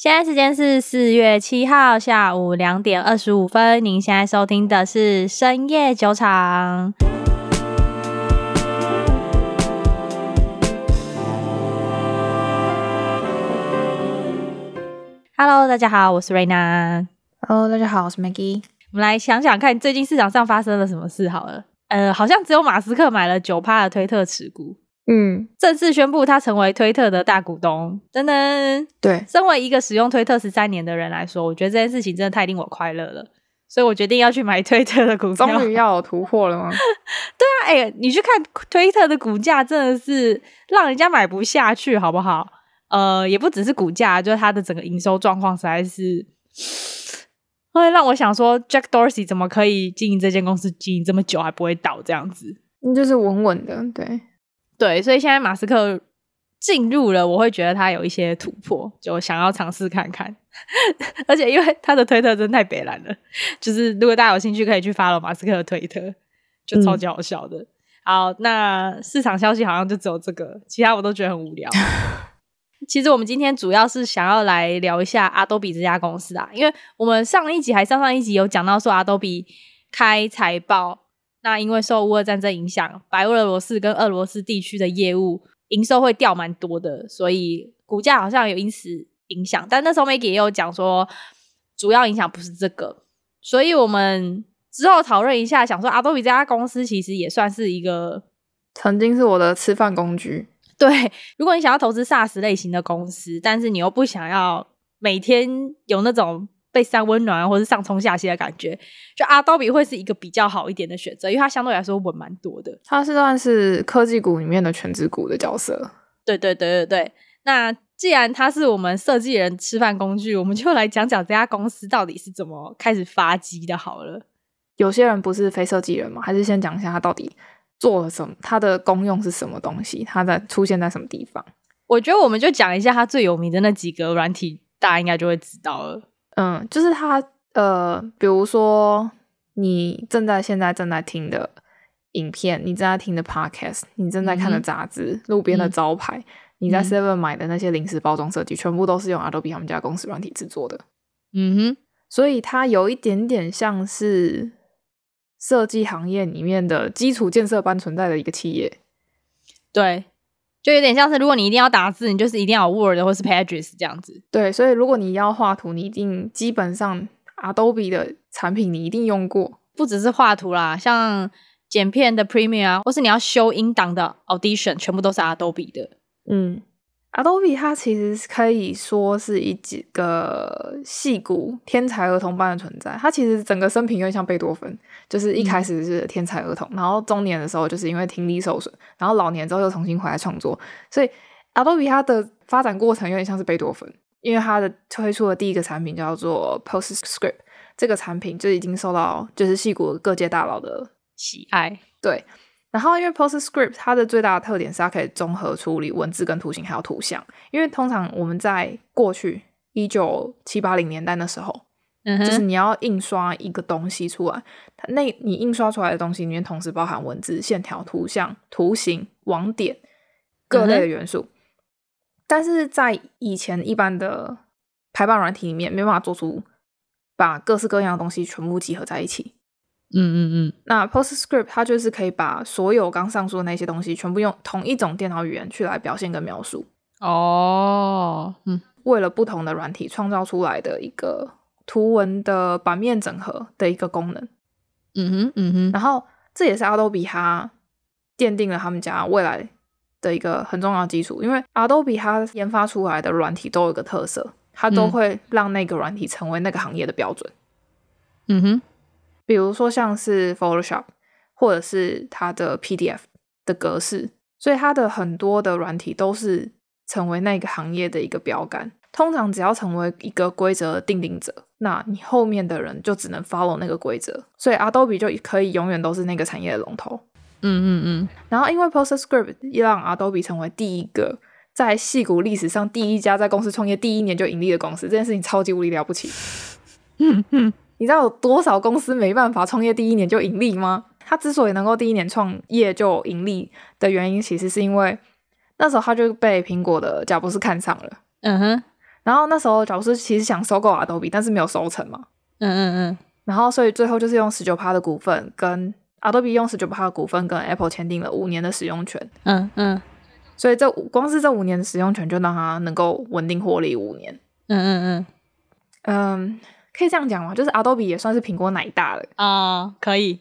現在時間是四月七號下午兩點二十五分。您現在收聽的是《深夜酒場》。 Hello，大家好，我是 Raina。Hello，大家好，我是 Maggie。我們來想想看，最近市場上發生了什麼事好了。呃，好像只有馬斯克買了九趴的推特持股。嗯，正式宣佈他成為推特的大股東。噔噔，對，身為一個使用推特十三年的人來說，我覺得這件事情真的太令我快樂了，所以我決定要去買推特的股票。終於要有突破了嗎？ 對啊，哎、欸，你去看推特的股價，真的是讓人家買不下去，好不好？呃，也不只是股價，就是它的整個營收狀況，實在是會讓我想說，Jack Dorsey 怎麼可以經營這間公司經營這麼久還不會倒這樣子？你就是穩穩的，對。對，所以現在馬斯克進入了，我會覺得他有一些突破，就想要嘗試看看。 而且因為他的推特真太白爛了，就是如果大家有興趣，可以去 follow 馬斯克的推特，就超級好笑的。嗯、好，那市場消息好像就只有這個，其他我都覺得很無聊。 其實我們今天主要是想要來聊一下阿多比這家公司啊，因為我們上一集還上上一集有講到說阿多比開財報。那因為受烏俄戰爭影響，白俄羅斯跟俄羅斯地區的業務營收會掉蠻多的，所以股價好像有因此影響。但那時候 Maggie 也有講說，主要影響不是這個，所以我們之後討論一下，想說 Adobe 這家公司其實也算是一個曾經是我的吃飯工具。對，如果你想要投資 SaaS 類型的公司，但是你又不想要每天有那種。被三溫暖或是上沖下洗的感覺，就阿道比會是一個比較好一點的選擇，因為它相對來說穩蠻多的，它是算是科技股裡面的權值股的角色。對對對對對。那既然它是我們設計人吃飯工具，我們就來講講這家公司到底是怎麼開始發跡的好了。有些人不是非設計人嘛，還是先講一下它到底做了什麼，它的功用是什麼東西，它的出現在什麼地方？我覺得我們就講一下它最有名的那幾個軟體，大家應該就會知道了。嗯，就是他，呃，比如說你正在現在正在聽的影片，你正在聽的 podcast，你正在看的雜誌，嗯、哼路邊的招牌，嗯、你在 seven 買的那些零食包裝設計，嗯、全部都是用 Adobe 他們家公司軟體制作的。嗯哼，所以它有一點點像是設計行業裡面的基礎建設般存在的一個企業。對。就有點像是，如果你一定要打字，你就是一定要 Word 或是 Pages 這樣子。對，所以如果你要畫圖，你一定基本上 Adobe 的產品你一定用過，不只是畫圖啦，像剪片的 Premiere，啊、或是你要修音檔的 Audition，全部都是 Adobe 的。嗯，Adobe 它其實可以說是一個戲骨天才兒童般的存在，它其實整個生平有點像貝多芬。就是一開始是天才兒童，嗯、然後中年的時候就是因為聽力受損，然後老年之後又重新回來創作，所以 Adobe 它的發展過程有點像是貝多芬，因為它的推出的第一個產品叫做 PostScript，這個產品就已經受到就是矽谷各界大佬的喜愛。對，然後因為 PostScript 它的最大的特點是它可以綜合處理文字跟圖形還有圖像，因為通常我們在過去一九七零、八零年代的時候。就是你要印刷一個東西出來，它，那你印刷出來的東西裡面同時包含文字、線條、圖像、圖形、網點各類的元素，嗯、哼但是在以前一般的排版軟體裡面沒辦法做出把各式各樣的東西全部集合在一起。嗯嗯嗯。那 PostScript 它就是可以把所有剛上述的那些東西全部用同一種電腦語言去來表現跟描述。哦，嗯，為了不同的軟體創造出來的一個。圖文的版面整合的一個功能，嗯哼，嗯哼，然後這也是 Adobe 他奠定了他們家未來的一個很重要的基礎，因為 Adobe 他研發出來的軟體都有一個特色，它都會讓那個軟體成為那個行業的標準，嗯哼，比如說像是 Photoshop 或者是它的 PDF 的格式，所以它的很多的軟體都是成為那個行業的一個標桿，通常只要成為一個規則的定定者，那你後面的人就只能 follow 那個規則，所以 Adobe 就可以永遠都是那個產業的龍頭。嗯嗯嗯。嗯嗯，然後因為 PostScript 讓 Adobe 成為第一個在硅谷歷史上第一家在公司創業第一年就盈利的公司，這件事情超級無敵了不起。嗯哼，嗯，你知道有多少公司沒辦法創業第一年就盈利嗎？他之所以能夠第一年創業就盈利的原因，其實是因為那時候他就被蘋果的賈伯斯看上了。嗯哼。然後那時候，賈伯斯其實想收購 Adobe，但是沒有收成嘛。嗯嗯嗯。然後，所以最後就是用十九趴的股份跟 Adobe 用十九趴的股份跟 Apple 簽訂了五年的使用權。嗯嗯。所以這光是這五年的使用權，就讓他能夠穩定獲利五年。嗯嗯嗯。嗯，um, 可以這樣講嘛，就是 Adobe 也算是蘋果奶大的啊。Uh, 可以。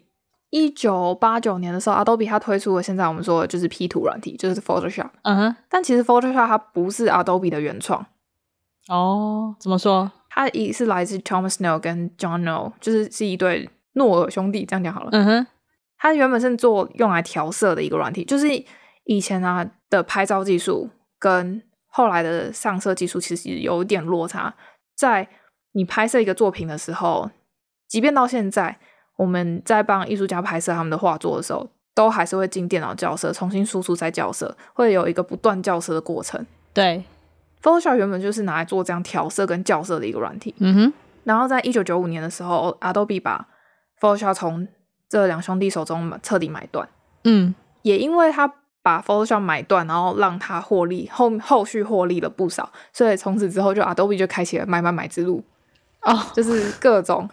一九八九年的時候，Adobe 它推出了現在我們說的就是 P 圖軟體，就是 Photoshop。嗯哼、uh。Huh、但其實 Photoshop 它不是 Adobe 的原創。哦，oh, 怎麼說？他也是來自 Thomas Knoll 跟 John Knoll，就是是一對諾爾兄弟，這樣講好了。嗯哼、uh，huh. 他原本是做用來調色的一個軟體，就是以前啊的拍照技術跟後來的上色技術其實有一點落差。在你拍攝一個作品的時候，即便到現在，我們在幫藝術家拍攝他們的畫作的時候，都還是會進電腦校色，重新輸出再校色，會有一個不斷校色的過程。對。Photoshop 原本就是拿來做這樣調色跟校色的一個軟體，嗯哼。然後在一九九五年的時候，Adobe 把 Photoshop 從這兩兄弟手中徹，徹底買斷，嗯。也因為他把 Photoshop 買斷，然後讓他獲利，後後續獲利了不少，所以從此之後，就 Adobe 就開啟了買買買之路，啊、哦，就是各種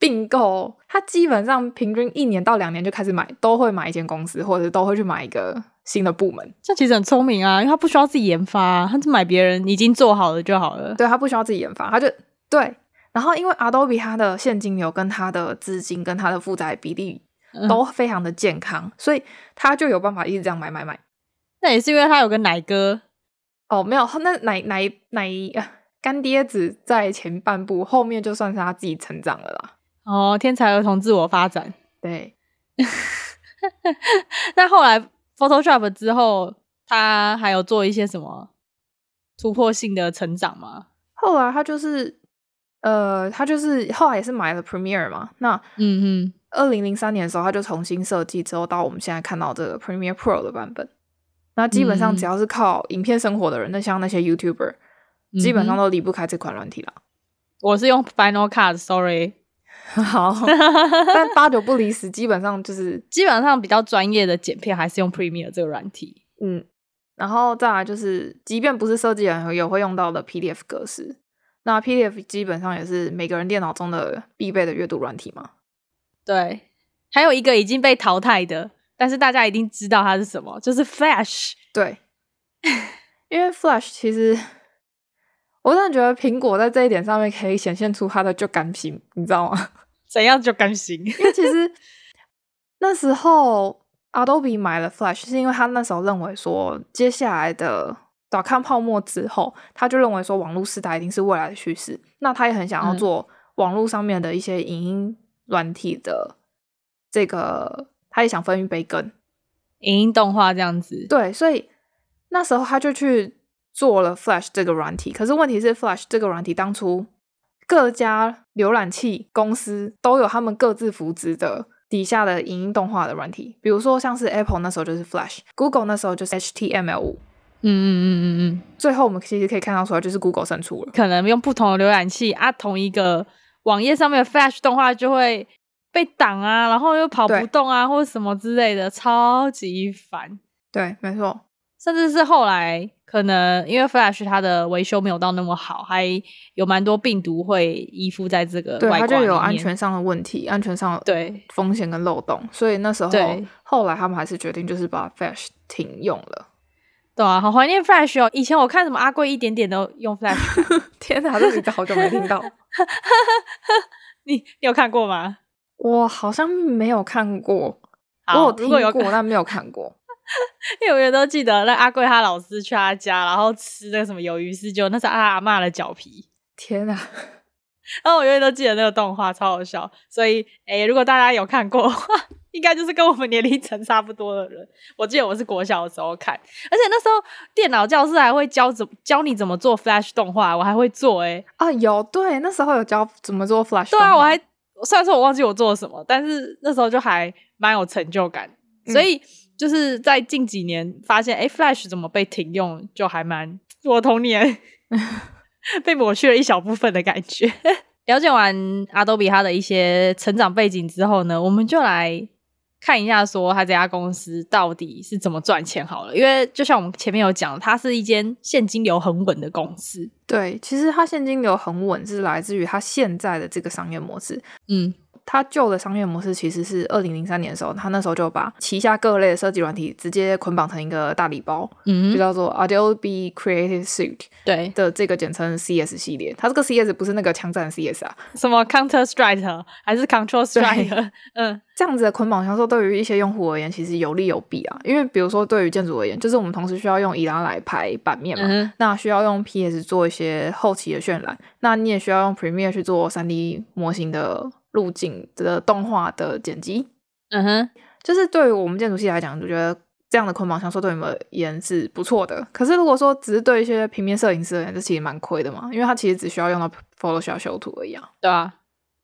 併購。他基本上平均一年到兩年就開始買，都會買一間公司，或者都會去買一個新的部門，這其實很聰明啊，因為他不需要自己研發、啊，他就買別人已經做好了就好了。對，他不需要自己研發，他就對。然後因為 Adobe 他的現金流跟他的資金跟他的負債比例都非常的健康，嗯、所以他就有辦法一直這樣買買買。那也是因為他有個奶哥哦，沒有，那奶奶奶乾爹只在前半部，後面就算是他自己成長了啦。哦，天才兒童自我發展，對。但 後來。Photoshop 之後，他還有做一些什麼突破性的成長嗎？後來他就是，呃，他就是後來也是買了 Premiere 嘛。那嗯嗯，二零零三年的時候，他就重新設計，之後到我們現在看到這個 Premiere Pro 的版本。那基本上只要是靠影片生活的人，嗯、那像那些 YouTuber，嗯、基本上都離不開這款軟體啦。我是用 Final Cut，Sorry。 好，但八九不離十，基本上就是 基本上比較專業的剪片還是用 Premiere 這個軟體。嗯，然後再來就是，即便不是設計人，也會用到的 PDF 格式。那 PDF 基本上也是每個人電腦中的必備的閱讀軟體嘛？對。還有一個已經被淘汰的，但是大家一定知道它是什麼，就是 Flash。對， 因為 Flash 其實。我真的覺得蘋果在這一點上面可以顯現出它的就甘心，你知道嗎？怎樣就甘心？ 因為其實那時候 Adobe 買了 Flash，是因為他那時候認為說，接下來的達康泡沫之後，他就認為說，網絡時代一定是未來的趨勢。那他也很想要做網絡上面的一些影音軟體的這個，他也想分一杯羹，影音動畫這樣子。對，所以那時候他就去。做了 Flash 這個軟體，可是問題是 Flash 這個軟體當初各家瀏覽器公司都有他們各自扶植的底下的影音動畫的軟體，比如說像是 Apple 那時候就是 Flash，Google 那時候就是 HTML 五。嗯嗯嗯嗯嗯。最後我們其實可以看到出來就是 Google 勝出了，可能用不同的瀏覽器啊，同一個網頁上面的 Flash 動畫就會被擋啊，然後又跑不動啊，對或者什麼之類的，超級煩。對，沒錯。甚至是後來可能因為 Flash 它的維修沒有到那麼好，還有蠻多病毒會依附在這個，對，它就有安全上的問題，安全上對風險跟漏洞，對所以那時候對後來他們還是決定就是把 Flash 停用了。對啊，好懷念 Flash 哦！以前我看什麼阿貴一點點都用 Flash， 天哪、啊，這幾個好久沒聽到， 你你有看過嗎？我好像沒有看過，好我有聽過如果有但沒有看過。因為、欸、我永遠都記得，那阿貴他老師去他家，然後吃那個什麼魷魚絲，就那是阿嬤的腳皮。天啊，然後、啊、我永遠都記得那個動畫，超好笑。所以，哎、欸，如果大家有看過的話，應該就是跟我們年齡層差不多的人。我記得我是國小的時候看，而且那時候電腦教室還會教怎教你怎麼做 Flash 動畫，我還會做、欸。哎，啊，有對，那時候有教怎麼做 Flash 動畫。對啊，我還雖然說我忘記我做了什麼，但是那時候就還蠻有成就感，嗯、所以。就是在近幾年發現，哎，Flash 怎麼被停用，就還蠻我童年 被抹去了一小部分的感覺。 了解完 Adobe 它的一些成長背景之後呢，我們就來看一下，說它這家公司到底是怎麼賺錢好了。因為就像我們前面有講，它是一間現金流很穩的公司。對，對其實它現金流很穩，是來自於它現在的這個商業模式。嗯。它舊的商業模式其實是二零零三年的時候，它那時候就把旗下各類的設計軟體直接捆綁成一個大禮包，嗯哼，就叫做 Adobe Creative Suite，對的這個簡稱 CS 系列。它這個 CS 不是那個槍戰 CS 啊，什麼 Counter Strike 還是 Control Strike？對嗯，這樣子的捆綁銷售對於一些用戶而言其實有利有弊啊，因為比如說對於建築而言，就是我們同時需要用伊拉來排版面嘛，嗯，那需要用 PS 做一些後期的渲染，那你也需要用 Premiere 去做三 D 模型的。路徑的動畫的剪輯，嗯哼，就是對於我們建築系來講，我覺得這樣的捆綁銷售對我們而言是不錯的。可是如果說只是對一些平面攝影師而言，這其實蠻虧的嘛，因為他其實只需要用到 Photoshop 修圖而已、啊。對啊，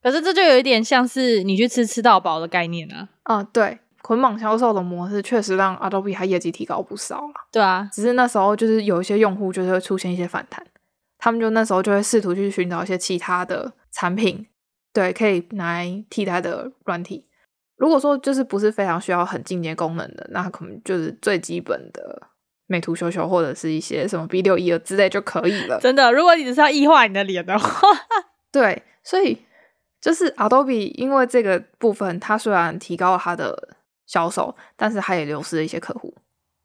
可是這就有一點像是你去吃吃到飽的概念呢、啊。啊、嗯，對，捆綁銷售的模式確實讓 Adobe 它業績提高不少了、啊。對啊，只是那時候就是有一些用戶就是會出現一些反彈，他們就那時候就會試圖去尋找一些其他的產品。對，可以來替代的軟體。如果說就是不是非常需要很進階功能的，那可能就是最基本的美圖秀秀或者是一些什麼 B612 之類就可以了。真的，如果你只是要異化你的臉的話， 對，所以就是 Adobe，因為這個部分，它雖然提高了它的銷售，但是它也流失了一些客戶。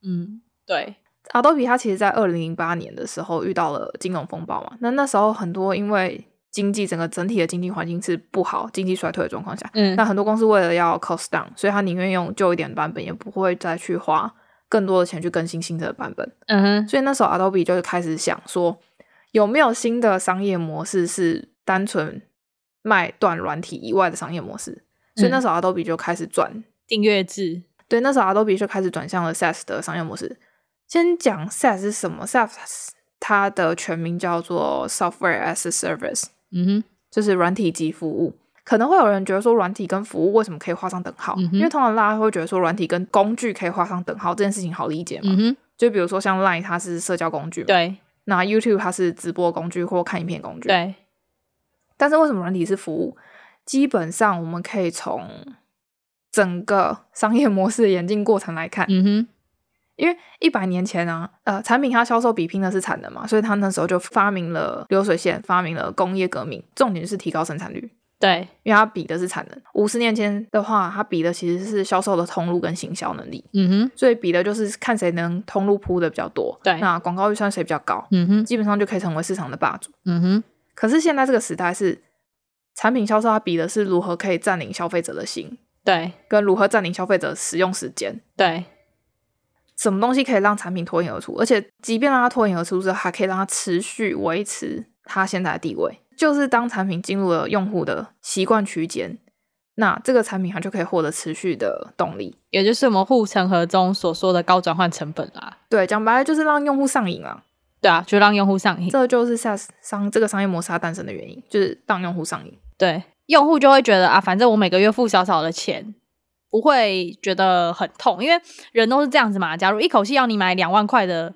嗯，對，Adobe 它其實，在二零零八年的時候遇到了金融風暴嘛，那那時候很多因為。經濟整個整體的經濟環境是不好，經濟衰退的狀況下，嗯，那很多公司為了要 cost down，所以他寧願用舊一點的版本，也不會再去花更多的錢去更新新的版本，嗯哼，所以那時候 Adobe 就開始想說，有沒有新的商業模式是單純賣斷軟體以外的商業模式，嗯，所以那時候 Adobe 就開始轉訂閱制，對，那時候 Adobe 就開始轉向了 SaaS 的商業模式。先講 SaaS 是什麼，SaaS 它的全名叫做 Software as a Service。嗯哼，就是軟體及服務，可能會有人覺得說軟體跟服務為什麼可以畫上等號？嗯哼，因為通常大家會覺得說軟體跟工具可以畫上等號，這件事情好理解嘛？嗯哼，就比如說像 Line 它是社交工具嘛，對，那 YouTube 它是直播工具或看影片工具，對。但是為什麼軟體是服務？基本上我們可以從整個商業模式的演進過程來看，嗯哼。因為一百年前啊，呃，產品它銷售比拼的是產能嘛，所以他那時候就發明了流水線，發明了工業革命，重點是提高生產率。對，因為它比的是產能。五十年前的話，它比的其實是銷售的通路跟行銷能力。嗯哼，所以比的就是看誰能通路鋪的比較多。對，那廣告預算是誰比較高？嗯哼，基本上就可以成為市場的霸主。嗯哼。可是現在這個時代是產品銷售，它比的是如何可以占領消費者的心。對，跟如何占領消費者使用時間。對。什麼東西可以讓產品脫穎而出？而且，即便讓它脫穎而出，是還可以讓它持續維持它現在的地位。就是當產品進入了用戶的習慣區間，那這個產品還就可以獲得持續的動力，也就是我們護城河中所說的高轉換成本啦、啊。對，講白了就是讓用戶上癮了、啊。對啊，就讓用戶上癮，這就是 SaaS 商這個商業模式誕生的原因，就是讓用戶上癮。對，用戶就會覺得啊，反正我每個月付少少的錢。不會覺得很痛，因為人都是這樣子嘛。假如一口氣要你買兩萬塊的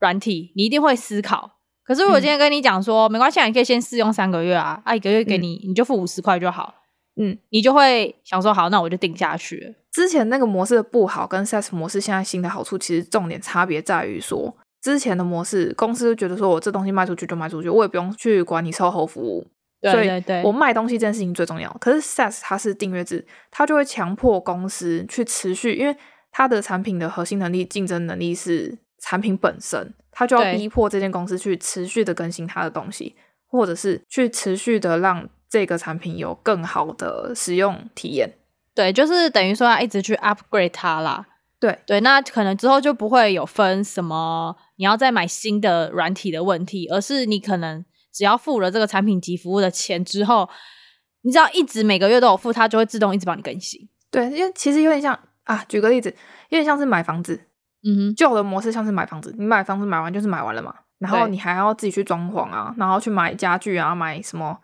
軟體，你一定會思考。可是我今天跟你講說，嗯、沒關係，你可以先試用三個月啊，啊，一個月給你，嗯、你就付五十塊就好。嗯，你就會想說，好，那我就定下去。之前那個模式的不好，跟 SaaS 模式現在新的好處，其實重點差別在於說，之前的模式公司就覺得說我這東西賣出去就賣出去，我也不用去管你售後服務。所以，我賣東西這件事情最重要。可是，SaaS 它是訂閱制，它就會強迫公司去持續，因為它的產品的核心能力、競爭能力是產品本身，它就要逼迫這間公司去持續的更新它的東西，對或者是去持續的讓這個產品有更好的使用體驗。對，就是等於說要一直去 upgrade 它啦。對對，那可能之後就不會有分什麼你要再買新的軟體的問題，而是你可能。只要付了這個產品及服務的錢之後，你只要一直每個月都有付，它就會自動一直幫你更新。對，因為其實有點像啊，舉個例子，有點像是買房子。嗯哼，舊的模式像是買房子，你買房子買完就是買完了嘛，然後你還要自己去裝潢啊，對然後去買家具啊，買什麼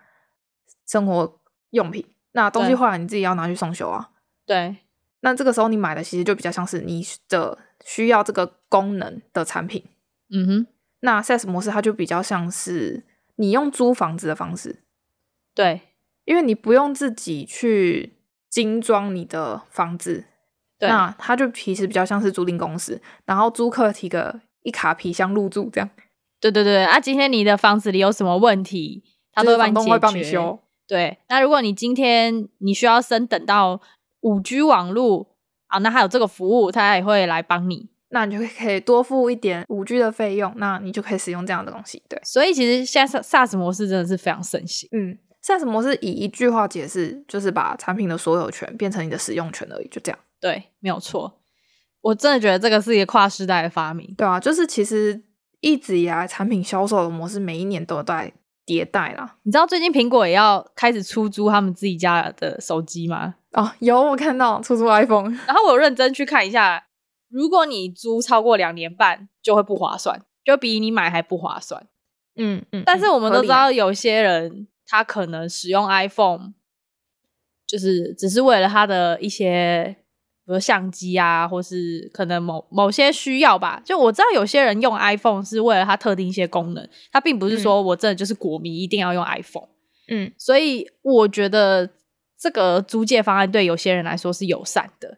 生活用品。那東西壞了你自己要拿去送修啊。對。對，那這個時候你買的其實就比較像是你的需要這個功能的產品。嗯哼。那 SaaS 模式它就比較像是。你用租房子的方式，對，因為你不用自己去精裝你的房子，對，那它就其實比較像是租賃公司，然後租客提個一卡皮箱入住這樣。對對對，啊，今天你的房子裡有什麼問題，他都會幫你解決。他會幫你修。對，那如果你今天你需要升等到 5G 網絡啊，那還有這個服務，他也會來幫你。那你就可以多付一點五 G 的費用，那你就可以使用這樣的東西。對，所以其實現在 SaaS 模式真的是非常盛行。嗯，SaaS 模式以一句話解釋，就是把產品的所有權變成你的使用權而已，就這樣。對，沒有錯。我真的覺得這個是一個跨時代的發明。對啊，就是其實一直以來產品銷售的模式，每一年都在迭代啦。你知道最近蘋果也要開始出租他們自己家的手機嗎？哦，有，我看到出租 iPhone，然後我有認真去看一下。如果你租超過兩年半，就會不划算，就比你買還不划算。嗯嗯。嗯，但是我們都知道，有些人，啊，他可能使用 iPhone，就是只是為了他的一些，比如相機啊，或是可能某某些需要吧。就我知道有些人用 iPhone 是為了他特定一些功能，他並不是說我真的就是果迷，嗯，一定要用 iPhone。嗯，所以我覺得這個租借方案對有些人來說是友善的。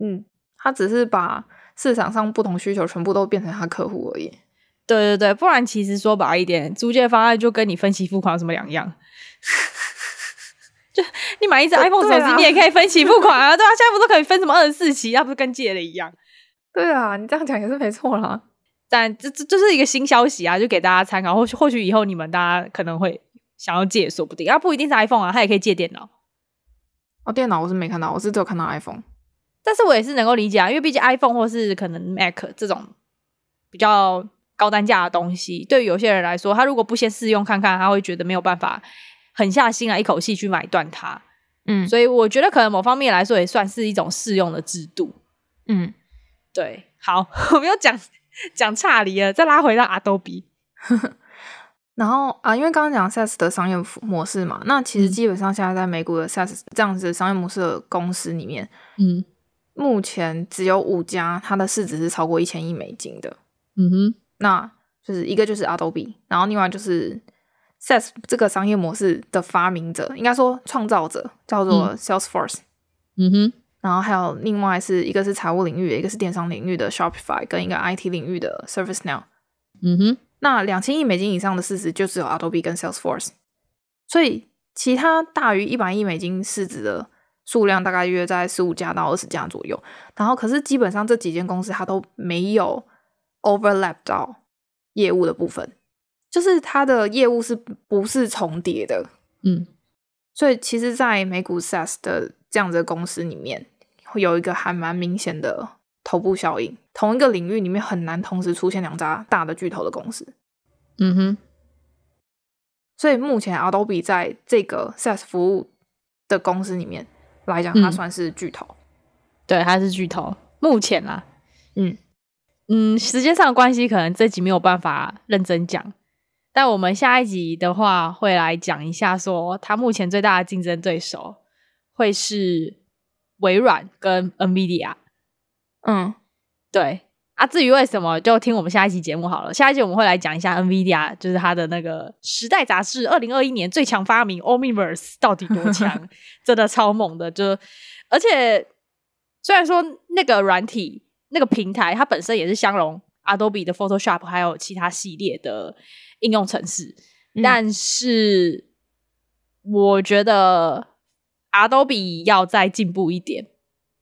嗯。他只是把市場上不同需求全部都變成他客戶而已。對對對，不然其實說白一點，租借方案就跟你分期付款有什麼兩樣？ 就你買一隻 iPhone 手機，你也可以分期付款啊，對，對，啊 對啊，現在不都可以分什麼二十四期，那不是跟借的一樣？對啊，你這樣講也是沒錯啦。但這這這是一個新消息啊，就給大家參考，或許或許以後你們大家可能會想要借，也說不定啊，不一定是 iPhone 啊，他也可以借電腦。哦，電腦我是沒看到，我是只有看到 iPhone。但是我也是能夠理解啊，因為畢竟 iPhone 或是可能 Mac 這種比較高單價的東西，對於有些人來說，他如果不先試用看看，他會覺得沒有辦法狠下心來、啊、一口氣去買斷它。嗯，所以我覺得可能某方面來說也算是一種試用的制度。嗯，對，好，我沒有講講差離了，再拉回到 Adobe。 然後啊，因為剛剛講 SaaS 的商業模式嘛，那其實基本上現在在美國的 SaaS 這樣子商業模式的公司裡面，嗯。目前只有五家，它的市值是超過一千億美金的。嗯哼，那就是一個就是 Adobe，然後另外就是 SaaS 這個商業模式的發明者，應該說創造者叫做 Salesforce。嗯。嗯哼，然後還有另外是一個是財務領域的，一個是電商領域的 Shopify，跟一個 IT 領域的 ServiceNow。嗯哼，那兩千億美金以上的市值就只有 Adobe 跟 Salesforce，所以其他大於一百億美金市值的。數量大概約在十五家到二十家左右，然後可是基本上這幾間公司它都沒有 overlap 到業務的部分，就是它的業務是不是重疊的？嗯，所以其實，在美股 SaaS 的這樣子的公司裡面，會有一個還蠻明顯的頭部效應，同一個領域裡面很難同時出現兩家大的巨頭的公司。嗯哼，所以目前 Adobe 在這個 SaaS 服務的公司裡面。來講，它算是巨頭，嗯、對，它是巨頭。目前啦，嗯嗯，時間上的關係，可能這集沒有辦法認真講，但我們下一集的話，會來講一下說，說它目前最大的競爭對手會是微軟跟 NVIDIA。嗯，對。啊，至於為什麼，就聽我們下一期節目好了。下一期我們會來講一下 NVIDIA，就是它的那個《時代雜誌》二零二一年最強發明 Omniverse 到底多強， 真的超猛的。就，而且雖然說那個軟體、那個平台它本身也是相容 Adobe 的 Photoshop 還有其他系列的應用程式，嗯、但是我覺得 Adobe 要再進步一點。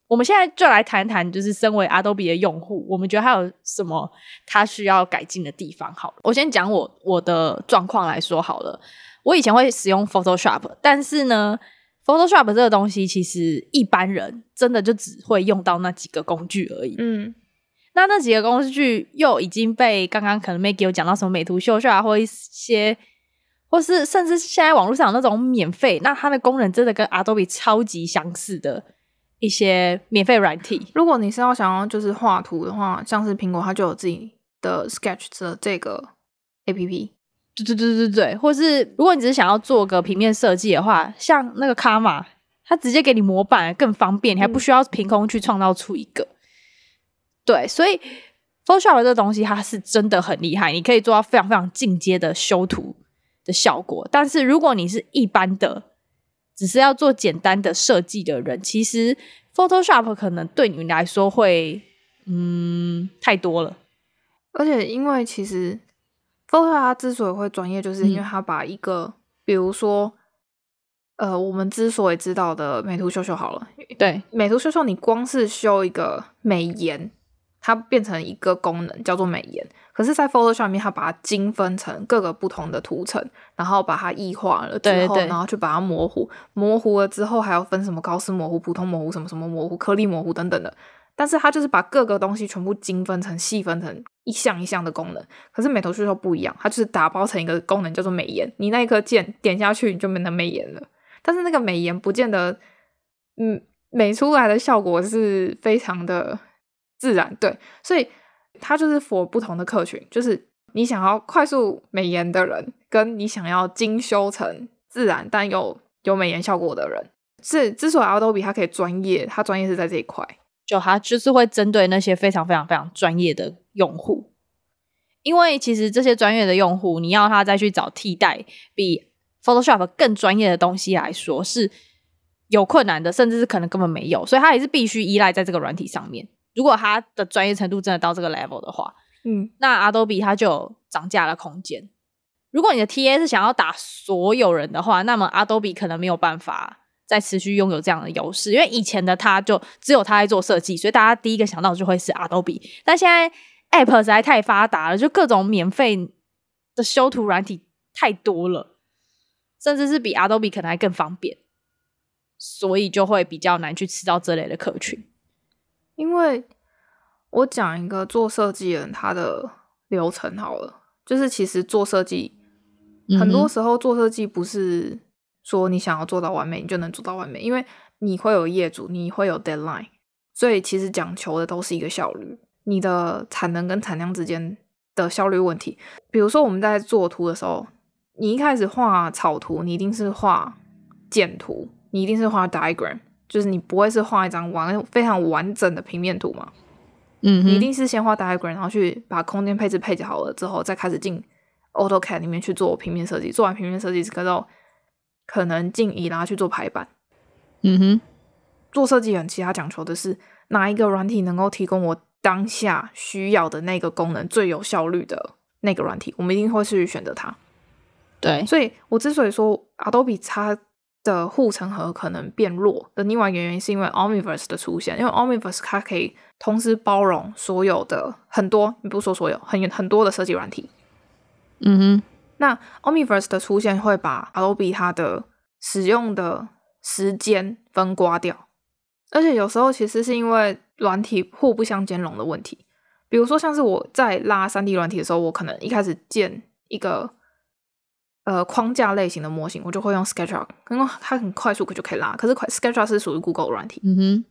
我們現在就來談談，就是身為 Adobe 的用戶，我們覺得還有什麼它需要改進的地方？好了，我先講我我的狀況來說好了。我以前會使用 Photoshop，但是呢，Photoshop 這個東西其實一般人真的就只會用到那幾個工具而已。嗯，那那幾個工具又已經被剛剛可能 Maggie 有講到什麼美圖秀秀啊，或一些或是甚至現在網絡上有那種免費，那它的功能真的跟 Adobe 超級相似的。一些免費軟體，如果你是要想要就是畫圖的話，像是蘋果它就有自己的 Sketch 的這個 APP，對對對對對，或是如果你只是想要做個平面設計的話，像那個 Canva 它直接給你模板更方便，你還不需要憑空去創造出一個。嗯、對，所以 Photoshop 這東西它是真的很厲害，你可以做到非常非常進階的修圖的效果。但是如果你是一般的，只是要做簡單的設計的人，其實 Photoshop 可能對你來說會，嗯，太多了。而且因為其實 Photoshop 之所以會專業，就是因為他把一個，嗯、比如說，呃，我們之所以知道的美圖秀秀好了，對，美圖秀秀，你光是修一個美顏。它變成一個功能叫做美顏，可是，在 Photoshop 裡面，它把它精分成各個不同的圖層，然後把它液化了之後，對對對，然後就把它模糊，模糊了之後還要分什麼高斯模糊、普通模糊、什麼什麼模糊、顆粒模糊等等的。但是它就是把各個東西全部精分成、細分成一項一項的功能。可是美圖秀秀不一樣，它就是打包成一個功能叫做美顏，你那一個鍵點下去，你就沒得美顏了。但是那個美顏不見得，嗯，美出來的效果是非常的。自然，對，所以它就是 for 不同的客群，就是你想要快速美顏的人，跟你想要精修成自然但又有，有美顏效果的人，是之所以 Adobe 它可以專業，它專業是在這一塊，就它就是會針對那些非常非常非常專業的用戶，因為其實這些專業的用戶，你要他再去找替代比 Photoshop 更專業的東西來說是有困難的，甚至是可能根本沒有，所以它也是必須依賴在這個軟體上面。如果他的專業程度真的到這個 level 的話，嗯，那 Adobe 它就有漲價的空間。如果你的 TA 是想要打所有人的話，那麼 Adobe 可能沒有辦法再持續擁有這樣的優勢，因為以前的他就只有他在做設計，所以大家第一個想到就會是 Adobe。但現在 App 實在太發達了，就各種免費的修圖軟體太多了，甚至是比 Adobe 可能還更方便，所以就會比較難去吃到這類的客群。因為我講一個做設計人他的流程好了，就是其實做設計，很多時候做設計不是說你想要做到完美，你就能做到完美，因為你會有業主，你會有 deadline，所以其實講求的都是一個效率，你的產能跟產量之間的效率問題。比如說我們在做圖的時候，你一開始畫草圖，你一定是畫簡圖，你一定是畫 diagram。就是你不會是畫一張完非常完整的平面圖嘛？嗯哼，你一定是先畫 diagram，然後去把空間配置配置好了之後，再開始進 AutoCAD 裡面去做平面設計。做完平面設計之後，可能進 E 然後去做排版。嗯哼，做設計很，其他講求的是哪一個軟體能夠提供我當下需要的那個功能最有效率的那個軟體，我們一定會去選擇它。對，所以我之所以說 Adobe 差的護城河可能變弱的另外一個原因，是因為 Omniverse 的出現。因為 Omniverse 它可以同時包容所有的很多，你不說所有，很很多的設計軟體。嗯哼。那 Omniverse 的出現會把 Adobe 它的使用的時間分刮掉，而且有時候其實是因為軟體互不相兼容的問題。比如說像是我在拉 3D 軟體的時候，我可能一開始建一個。呃，框架類型的模型，我就會用 SketchUp，因為它很快速，可就可以拉。可是快 SketchUp 是屬於 Google 的軟體。嗯哼、mm。Hmm.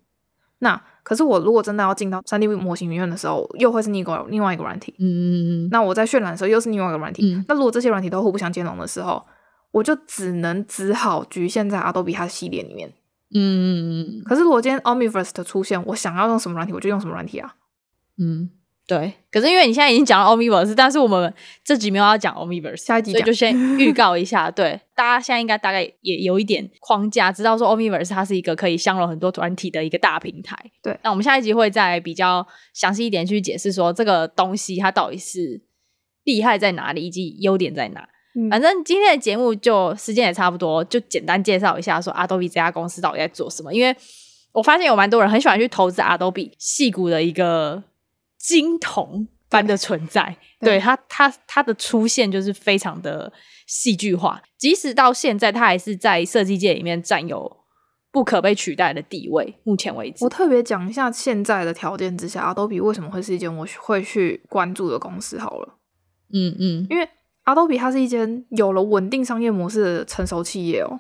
那可是我如果真的要進到三 D 模型裡面的時候，又會是另一個另外一個軟體。嗯嗯嗯。Hmm. 那我在渲染的時候又是另外一個軟體。Mm hmm. 那如果這些軟體都互不相兼容的時候，我就只能只好局限在 Adobe 它系列裡面。嗯嗯嗯。Hmm. 可是如果今天 Omniverse 的出現，我想要用什麼軟體，我就用什麼軟體啊。嗯、mm。Hmm. 對，可是因為你現在已經講了 Omniverse，但是我們這集沒有要講 Omniverse，下一集講就先預告一下。對， 大家現在應該大概也有一點框架，知道說 Omniverse 它是一個可以相容很多團體的一個大平台。對，那我們下一集會再比較詳細一點去解釋說這個東西它到底是厲害在哪裡以及優點在哪。嗯、反正今天的節目就時間也差不多，就簡單介紹一下說 Adobe 這家公司到底在做什麼。因為我發現有蠻多人很喜歡去投資 Adobe 矽谷的一個。金童般的存在，對，對，對，它它它的出現就是非常的戲劇化。即使到現在，它還是在設計界裡面占有不可被取代的地位。目前為止，我特別講一下現在的條件之下，Adobe 為什麼會是一間我會去關注的公司。好了，嗯嗯，因為 Adobe 它是一間有了穩定商業模式的成熟企業哦、喔。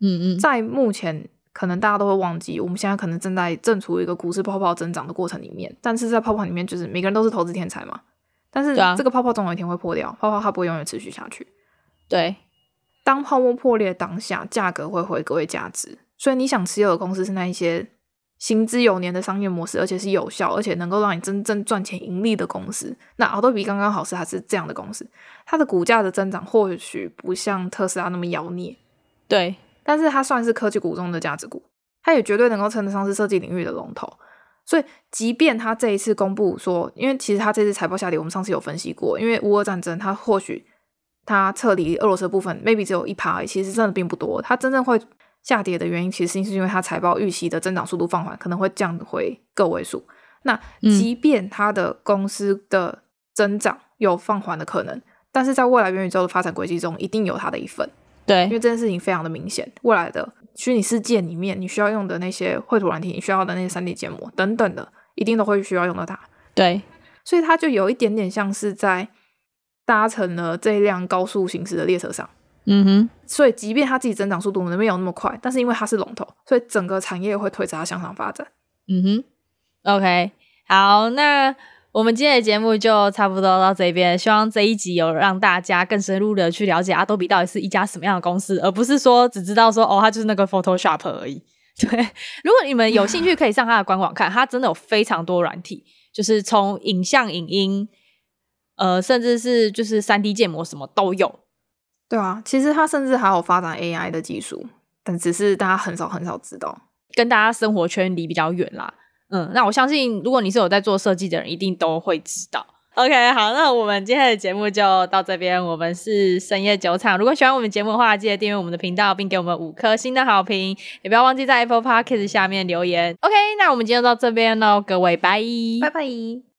嗯嗯，在目前。可能大家都會忘記，我們現在可能正在正處於一個股市泡泡增長的過程裡面，但是在泡泡裡面，就是每個人都是投資天才嘛。但是這個泡泡總有一天會破掉，泡泡它不會永遠持續下去。對，當泡沫破裂當下，價格會回歸價值。所以你想持有的公司是那一些行之有年的商業模式，而且是有效，而且能夠讓你真正賺錢盈利的公司。那 Adobe 剛剛好是它是這樣的公司，它的股價的增長或許不像特斯拉那麼妖孽。對。但是它算是科技股中的價值股，它也絕對能夠稱得上是設計領域的龍頭。所以，即便它這一次公布說，因為其實它這次財報下跌，我們上次有分析過，因為烏俄戰爭，它或許它撤離俄羅斯的部分，maybe 只有一趴而已，其實真的並不多。它真正會下跌的原因，其實是因為它財報預期的增長速度放緩，可能會降回個位數。那即便它的公司的增長有放緩的可能，嗯、但是在未來元宇宙的發展軌跡中，一定有它的一份。對，因為這件事情非常的明顯，未來的虛擬世界裡面，你需要用的那些繪圖軟體，你需要的那些三 D 建模等等的，一定都會需要用到它。對，所以它就有一點點像是在搭乘了這一輛高速行駛的列車上。嗯哼，所以即便它自己增長速度沒有那麼快，但是因為它是龍頭，所以整個產業會推着它向上發展。嗯哼，OK，好，那。我們今天的節目就差不多到這邊，希望這一集有讓大家更深入的去了解阿多比到底是一家什麼樣的公司，而不是說只知道說哦，它就是那個 Photoshop 而已。對，如果你們有興趣，可以上它的官網看，它真的有非常多軟體，就是從影像、影音，呃，甚至是就是三 D 建模什麼都有。對啊，其實它甚至還有發展 AI 的技術，但只是大家很少很少知道，跟大家生活圈離比較遠啦。嗯，那我相信，如果你是有在做設計的人，一定都會知道。OK，好，那我們今天的節目就到這邊。我們是深夜酒場，如果喜歡我們節目的話，記得訂閱我們的頻道，並給我們五顆星的好評，也不要忘記在 Apple Podcast 下面留言。OK，那我們今天就到這邊嘍，各位拜拜。Bye bye bye